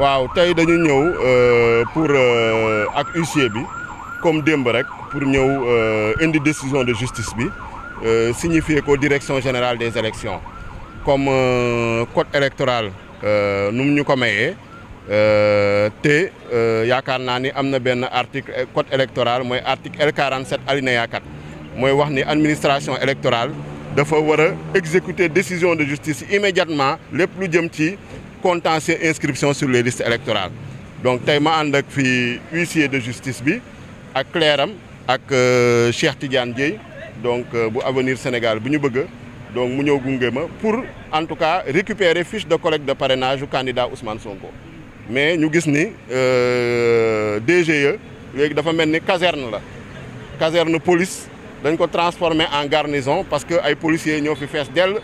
waaw tey dañu ñëw euh, pour euh, ak huissier bi comme démb rek pour ñëw euh, indi décision de justice bi signifier ko direction générale des élections comme code électoral nu mu ñu ko mayee te yaakaar naa ni am na benn article code électoral mooy article L47 alinéa 4 mooy wax ni administration électorale dafa war a exécuter décision de justice immédiatement lépp lu jëm ci contentieux inscription sur les listes électorales donc tey ma ànd ak fii huissier de justice bi ak clairam ak euh, Cheikh Tidiane Dieye donc euh, bu avenir Sénégal bu ñu bëgg donc mu ñëw gunge ma pour en tout cas récupérer fiche de collecte de parrainage du candidat Ousmane Sonko mais ñu gis ni euh, DGE léegi dafa mel ni caserne la caserne police dañ ko transformer en garnison parce que ay policiers ñoo fi fees dell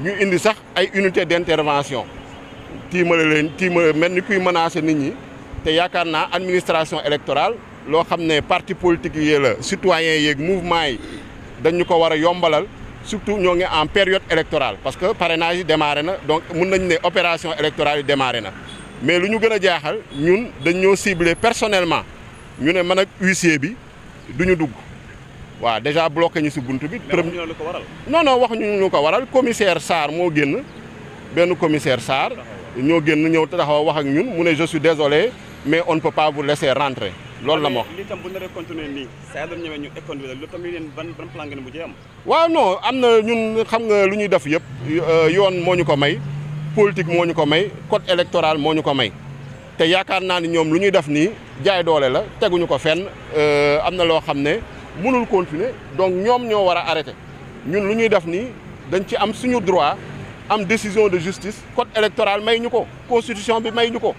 ñu indi sax ay unité d'intervention tiimale leen tiimale mel ni kuy menacer nit ñi te yaakaar naa administration électorale loo xam ne parti politique yi la citoyen yeeg mouvement yi dañu ko war a yombalal surtout ñoo ngi en période électorale parce que parrainage yi démarré na donc mun nañ ne opération électorale yi démarré na mais lu ñu gën a jaaxal ñun ñoo ciblé personnellement ñu ne man ak huissier bi duñu dugg waaw déjà bloqué ñu si bunt bi. non non waxuñu ñu ko waral commissaire Sarr moo génn benn commissaire Sarr. ñoo génn ñëw taxaw wax ak ñun mu ne je suis désolé mais on ne peut pas vous laisser rentrer loolu la ma wax. lii tam bu ñu la continuer nii saa ñëwee ñu éconduire loolu tamit ban ban plan ngeen am. waaw non am na ñun xam nga lu ñuy def yëpp euh, yoon moo ñu ko may politique moo ñu ko may code électoral moo ñu ko may te yaakaar naa ne ñoom lu ñuy def nii jaay doole la teguñu ko fenn euh, am na loo xam ne mënul continuer donc ñoom ñoo war a arrêter ñun lu ñuy def nii dañ ci am suñu droit. am décision de justice code électoral may ñu ko constitution bi may ñu ko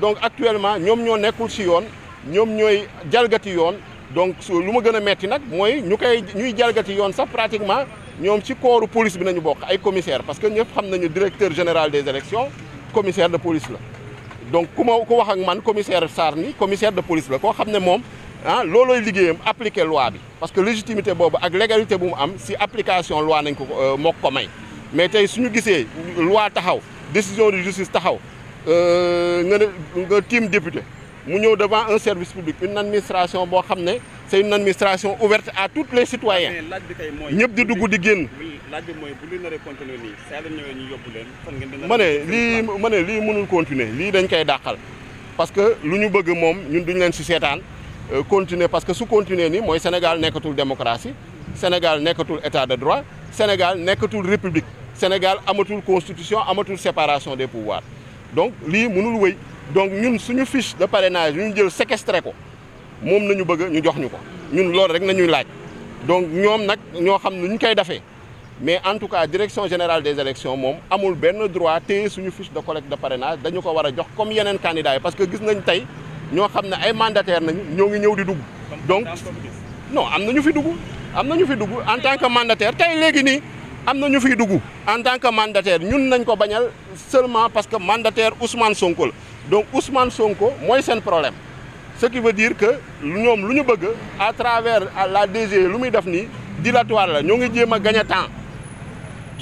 donc actuellement ñoom ñoo nekkul si yoon ñoom ñooy jalgati yoon donc lu ma gën a metti nag mooy ñu koy ñuy jalgati yoon sax pratiquement ñoom si corps police bi nañu bokk ay commissaire parce que ñëpp xam nañu directeur général des élections commissaire de police la donc ku ma ku wax ak man commissaire Sarr ni commissaire de police la koo xam ne moom ah loolooy liggéeyam loi bi parce que légitimité boobu ak légalité bu mu am ci application loi nañ ko euh, moo ko may mais tey ñu gisee loi taxaw décision de justice taxaw euh, nga ne nga tiim député mu ñëw devant un service public une administration boo xam ne c'est une administration ouverte à tous les citoyens ñëpp di dugg di génn laaj mooy bu nii saa la ñëwee ma ne lii ma ne lii mënul continuer lii dañ koy dàqal parce que lu ñu bëgg moom ñun duñ leen si seetaan euh, continuer parce que su continuer nii mooy Sénégal nekkatul démocratie Sénégal nekkatul état de droit Sénégal nekkatul république Sénégal amatul constitution amatul séparation des pouvoirs donc lii mënul wëy donc ñun suñu fiche de parrainage ñu jël séquestré ko moom nañu bëgg ñu jox ñu ko ñun loolu rek nañuy laaj donc ñoom nag ñoo xam ne ñu koy defee mais en tout cas direction générale des élections moom amul benn droit téye suñu fiche de collecte de parenage dañu ko war a jox comme yeneen candidats yi parce que gis nañ tey ñoo xam ne ay mandataires nañu ñoo ngi ñëw di dugg donc non am na ñu fi dugg am na ñu fi dugg en tant que mandataire tey léegi nii am na ñu fiy dugg en tant que mandataire ñun nañ ko bañal seulement parce que mandataire Ousmane Sonko la donc Ousmane Sonko mooy seen problème ce qui veut dire que ñoom lu ñu bëgg à travers la DG lu muy def nii dilatoire la ñoo ngi jéem a gagné temps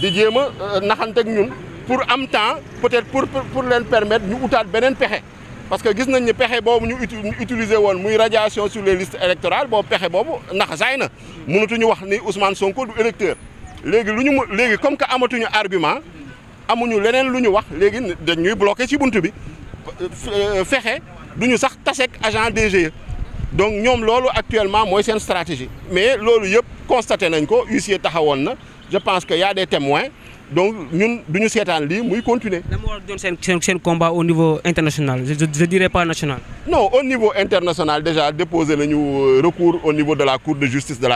di jéem a euh, naxante ak ñun pour am temps peut-être pour pour leen permettre ñu utaat beneen pexe parce que gis nañ ni pexe boobu ñu utiliser woon muy radiation sur les listes électorales boobu pexe boobu nax saay na mënatuñu wax ni Ousmane Sonko du léegi lu ñu mu léegi comme que amatuñu argument amuñu leneen lu ñu wax léegi dañ ñuy bloqué ci bunt bi euh, fexe duñu sax taseek agent DGE donc ñoom loolu actuellement mooy seen stratégie mais loolu yëpp constaté nañ ko huissier taxawoon na je pense que y a des témoins donc ñun du ñu seetaan lii muy continuer. lan moo war doon seen seen seen combat au niveau international je je dirais national. non au niveau international déjà déposé nañu euh, recours au niveau de la cour de justice de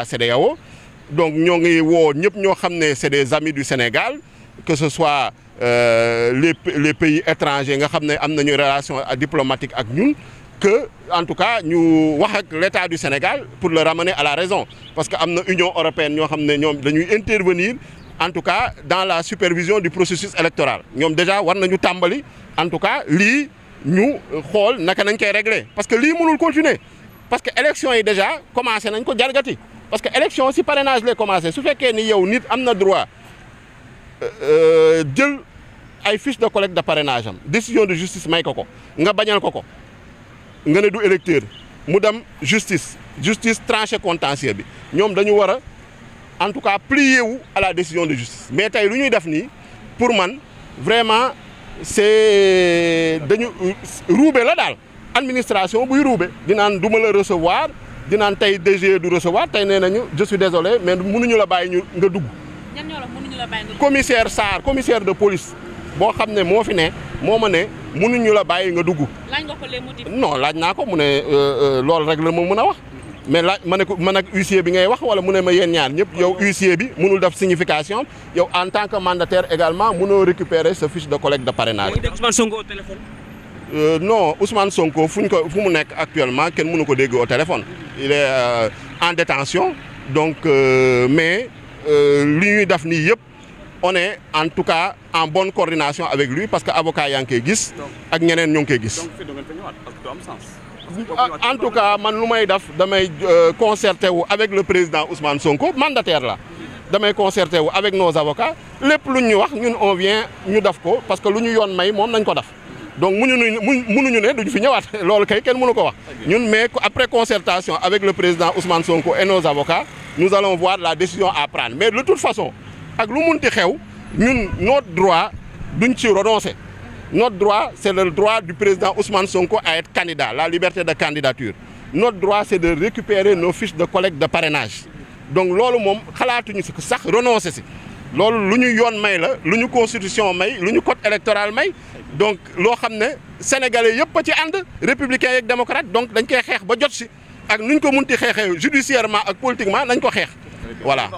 donc ñoo ngi woo ñëpp ñoo xam ne c'est des amis du Sénégal que ce soit euh, les les pays étrangers nga xam ne am nañu relation diplomatique ak ñun que en tout cas ñu wax ak l'État du Sénégal pour le ramener à la raison parce que am na Union européenne ñoo xam ne ñoom dañuy intervenir en tout cas dans la supervision du processus électoral ñoom déjà war nañu tàmbali en tout cas lii ñu xool naka nañ koy régler parce que lii mënul continuer parce que élection yi déjà commencé nañ ko jalgati parce que élection si parrainage lay commencé su fekkee ni yow nit am na droit euh, jël ay fiche de collecte de parrainage am de justice may ko ko nga bañal ko ko nga ne du électeur mu dem justice justice tranché contentieux bi ñoom dañu war a en tout cas plus wu à la décision de justice mais tey lu ñuy def nii pour man vraiment c'est daño ruube la daal administration buy ruube dinaan du ma la recevoir di naan tey DG du recevoir tey nee nañu je suis désolé mais mënuñu la bàyyi ñu nga dugg. ñan ñoo commissaire Sarr commissaire de police boo xam ne moo fi ne moo ma ne mënuñu la bàyyi nga dugg. laaj nga ko les laaj naa ko mu ne euh, euh, lool rek la ma mën a wax. mais laaj ma ne ko man ak bi ngay wax wala mu ne ma yéen ñaar ñëpp yow huissier bi mënul def signification yow en tant que mandataire également mënoo récupérer sa fiche de collecte de parrainage. Ousmane Euh, non Ousmane Sonko fu ñu ko fu mu nekk actuellement kenn mënu ko dégg au téléphone euh, en détention donc euh, mais li ñuy def nii yëpp one en tout cas en bonne coordination avec lui parce que avocat yaa ngi koy gis ak ñeneen ñu ngi koy gis ah, en tout cas man lu may def damay concerté wu avec le président Ousmane Sonko mandataire la damay concerté wu avec nos avocats lépp lu ñu wax ñun on vient ñu def ko parce que lu ñu yoon may moom nañ ko def donc mu nu mënuñu mënuñu ne duñu fi ñëwaat loolu kay kenn mënu ko wax ñun mais après concertation avec le président Ousmane Sonko et nos avocats nous allons voir la décision à prendre mais de toute façon ak lu munti xew ñun notre droit duñ ci renoncer notre droit c'est le droit du président Ousmane Sonko à être candidat la liberté de candidature notre droit c'est de récupérer nos fiches de collecte de parrainage donc loolu moom xalaatuñu si sax renoncer si loolu lu ñu yoon may la lu ñu constitution may lu ñu code électoral may donc loo xam ne sénégalais yëpp a ci ànd républicain yeeg démocrate donc dañ koy xeex ba jot si ak nu ñu ko munti xeexee judiciairement ak politiquement nañ ko xeex voilà